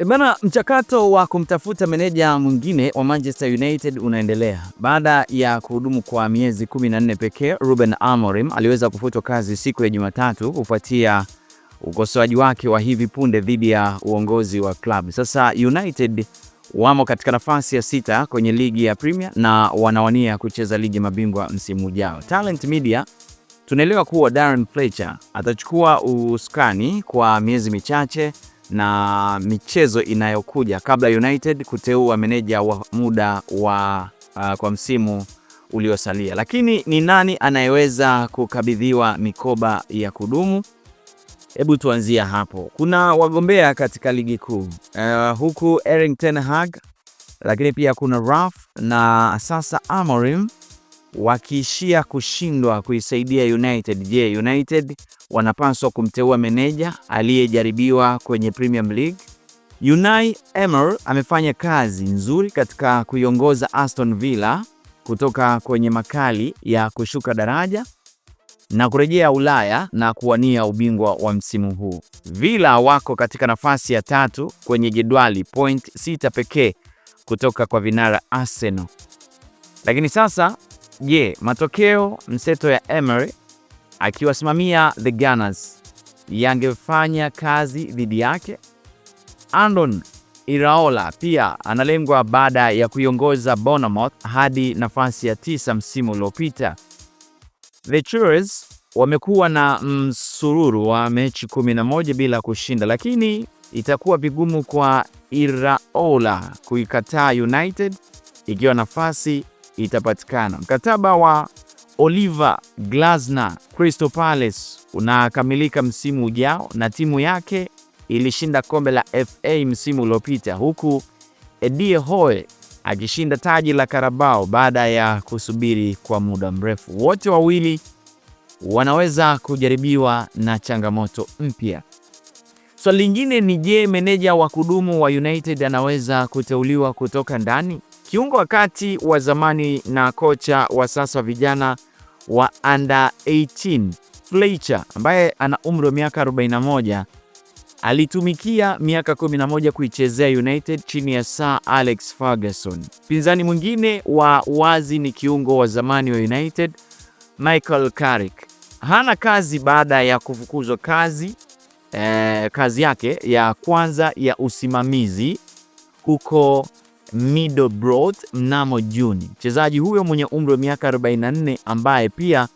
Eh, bana, mchakato wa kumtafuta meneja mwingine wa Manchester United unaendelea. Baada ya kuhudumu kwa miezi 14 pekee, Ruben Amorim aliweza kufutwa kazi siku ya Jumatatu kufuatia ukosoaji wake wa hivi punde dhidi ya uongozi wa club. Sasa United wamo katika nafasi ya sita kwenye ligi ya Premier na wanawania kucheza ligi mabingwa msimu ujao. Talent Media tunaelewa kuwa Darren Fletcher atachukua uskani kwa miezi michache na michezo inayokuja kabla United kuteua meneja wa muda wa uh, kwa msimu uliosalia. Lakini ni nani anayeweza kukabidhiwa mikoba ya kudumu? Hebu tuanzia hapo. Kuna wagombea katika ligi kuu uh, huku Erling ten Hag, lakini pia kuna Ralf na sasa Amorim wakiishia kushindwa kuisaidia United, je, United wanapaswa kumteua meneja aliyejaribiwa kwenye Premier League? Unai Emery amefanya kazi nzuri katika kuiongoza Aston Villa kutoka kwenye makali ya kushuka daraja na kurejea Ulaya na kuwania ubingwa wa msimu huu. Villa wako katika nafasi ya tatu kwenye jedwali, point sita pekee kutoka kwa vinara Arsenal. Lakini sasa Je, yeah, matokeo mseto ya Emery akiwasimamia the Gunners yangefanya kazi dhidi yake? Andon Iraola pia analengwa baada ya kuiongoza Bournemouth hadi nafasi ya tisa msimu uliopita. The Cherries wamekuwa na msururu wa mechi 11 bila kushinda, lakini itakuwa vigumu kwa Iraola kuikataa United ikiwa nafasi itapatikana. Mkataba wa Oliver Glasner Crystal Palace unakamilika msimu ujao, na timu yake ilishinda kombe la FA msimu uliopita, huku Eddie Howe akishinda taji la Carabao baada ya kusubiri kwa muda mrefu. Wote wawili wanaweza kujaribiwa na changamoto mpya. Swali so, lingine ni je, meneja wa kudumu wa United anaweza kuteuliwa kutoka ndani? kiungo wa kati wa zamani na kocha wa sasa wa vijana wa under 18 Fletcher ambaye ana umri wa miaka 41 alitumikia miaka 11 kuichezea United chini ya Sir Alex Ferguson. pinzani mwingine wa wazi ni kiungo wa zamani wa United Michael Carrick. Hana kazi baada ya kufukuzwa kazi eh, kazi yake ya kwanza ya usimamizi huko Middlebrough mnamo Juni. Mchezaji huyo mwenye umri wa miaka 44 ambaye pia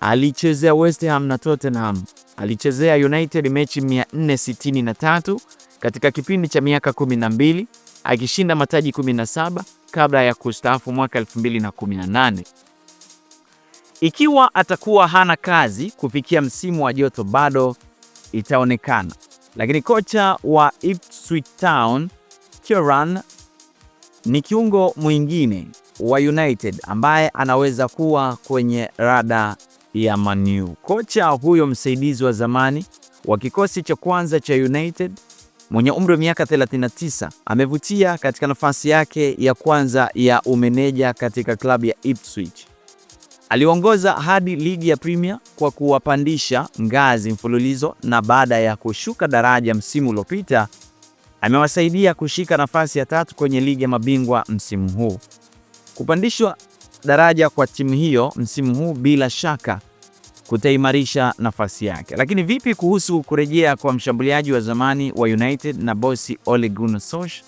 alichezea West Ham na Tottenham alichezea United mechi 463 katika kipindi cha miaka 12 akishinda mataji 17 kabla ya kustaafu mwaka 2018. Ikiwa atakuwa hana kazi kufikia msimu wa joto, bado itaonekana, lakini kocha wa Ipswich Town Kieran ni kiungo mwingine wa United ambaye anaweza kuwa kwenye rada ya Manu. Kocha huyo msaidizi wa zamani wa kikosi cha kwanza cha United mwenye umri wa miaka 39 amevutia katika nafasi yake ya kwanza ya umeneja katika klabu ya Ipswich. Aliongoza hadi ligi ya Premier kwa kuwapandisha ngazi mfululizo, na baada ya kushuka daraja msimu uliopita amewasaidia kushika nafasi ya tatu kwenye ligi ya mabingwa msimu huu. Kupandishwa daraja kwa timu hiyo msimu huu bila shaka kutaimarisha nafasi yake. Lakini vipi kuhusu kurejea kwa mshambuliaji wa zamani wa United na bosi Ole Gunnar Solskjaer?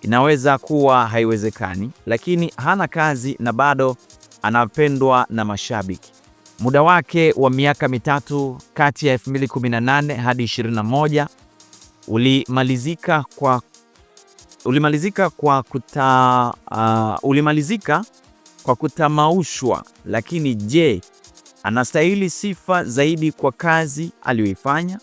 Inaweza kuwa haiwezekani, lakini hana kazi na bado anapendwa na mashabiki. Muda wake wa miaka mitatu kati ya 2018 hadi 21 ulimalizika kwa ulimalizika kwa kuta uh, ulimalizika kwa kutamaushwa. Lakini je, anastahili sifa zaidi kwa kazi aliyoifanya?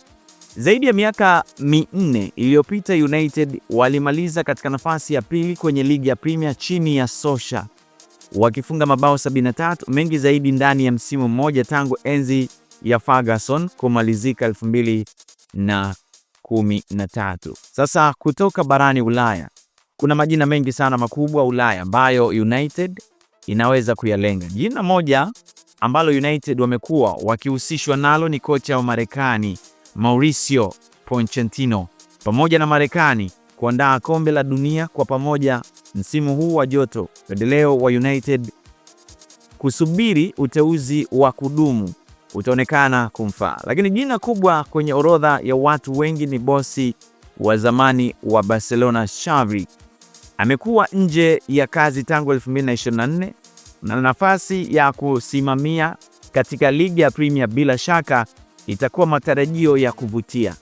Zaidi ya miaka minne iliyopita United walimaliza katika nafasi ya pili kwenye ligi ya Premier chini ya sosha wakifunga mabao 73, mengi zaidi ndani ya msimu mmoja tangu enzi ya Ferguson kumalizika 2000 na kumi na tatu. Sasa kutoka barani Ulaya kuna majina mengi sana makubwa Ulaya ambayo United inaweza kuyalenga. Jina moja ambalo United wamekuwa wakihusishwa nalo ni kocha wa Marekani Mauricio Pochettino, pamoja na Marekani kuandaa kombe la dunia kwa pamoja msimu huu wa joto. pendeleo wa United kusubiri uteuzi wa kudumu utaonekana kumfaa. Lakini jina kubwa kwenye orodha ya watu wengi ni bosi wa zamani wa Barcelona Xavi. Amekuwa nje ya kazi tangu 2024 na nafasi ya kusimamia katika ligi ya Premier bila shaka itakuwa matarajio ya kuvutia.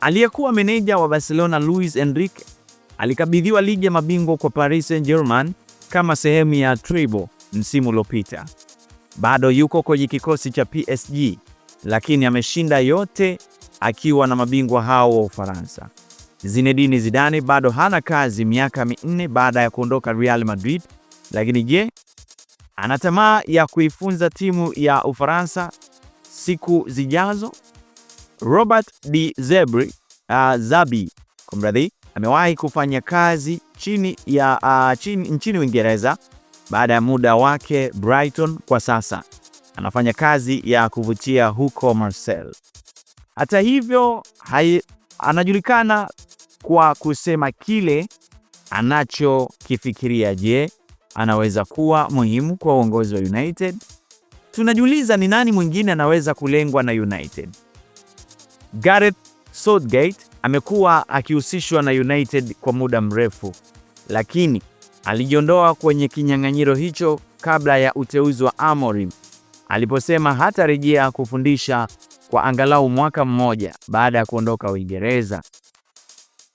Aliyekuwa meneja wa Barcelona Luis Enrique alikabidhiwa ligi ya mabingwa kwa Paris Saint-Germain kama sehemu ya treble msimu uliopita bado yuko kwenye kikosi cha PSG, lakini ameshinda yote akiwa na mabingwa hao wa Ufaransa. Zinedine Zidane bado hana kazi miaka minne baada ya kuondoka Real Madrid, lakini je, ana tamaa ya kuifunza timu ya Ufaransa siku zijazo? Robert De Zebri, uh, Zabi kumradhi, amewahi kufanya kazi chini ya uh, chini, nchini Uingereza baada ya muda wake Brighton. Kwa sasa anafanya kazi ya kuvutia huko Marseille. Hata hivyo hai, anajulikana kwa kusema kile anachokifikiria. Je, anaweza kuwa muhimu kwa uongozi wa United? Tunajiuliza ni nani mwingine anaweza kulengwa na United. Gareth Southgate amekuwa akihusishwa na United kwa muda mrefu, lakini Alijiondoa kwenye kinyang'anyiro hicho kabla ya uteuzi wa Amorim aliposema hatarejea kufundisha kwa angalau mwaka mmoja baada ya kuondoka Uingereza.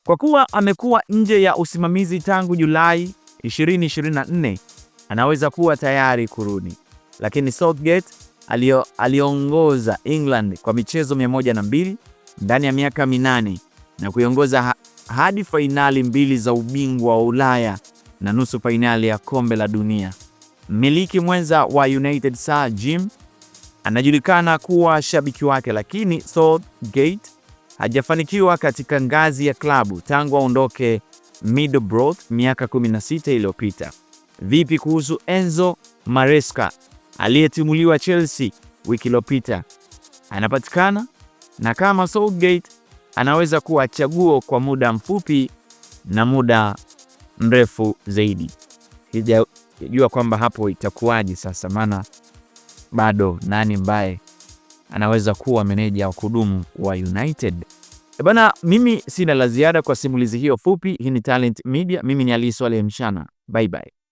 Kwa kuwa amekuwa nje ya usimamizi tangu Julai 2024, anaweza kuwa tayari kurudi, lakini Southgate alio, aliongoza England kwa michezo 102 ndani ya miaka minane na kuiongoza hadi fainali mbili za ubingwa wa Ulaya na nusu fainali ya kombe la dunia. Mmiliki mwenza wa United Sir Jim anajulikana kuwa shabiki wake, lakini Southgate hajafanikiwa katika ngazi ya klabu tangu aondoke Middlesbrough miaka 16 iliyopita. Vipi kuhusu Enzo Maresca aliyetimuliwa Chelsea wiki iliyopita? Anapatikana na kama Southgate anaweza kuwa chaguo kwa muda mfupi na muda mrefu zaidi. Sijajua kwamba hapo itakuwaje sasa, maana bado nani mbaye anaweza kuwa meneja wa kudumu wa United. E bana, mimi sina la ziada kwa simulizi hiyo fupi. Hii ni Talent Media, mimi ni Ali Swaleh Mshana. Bye bye.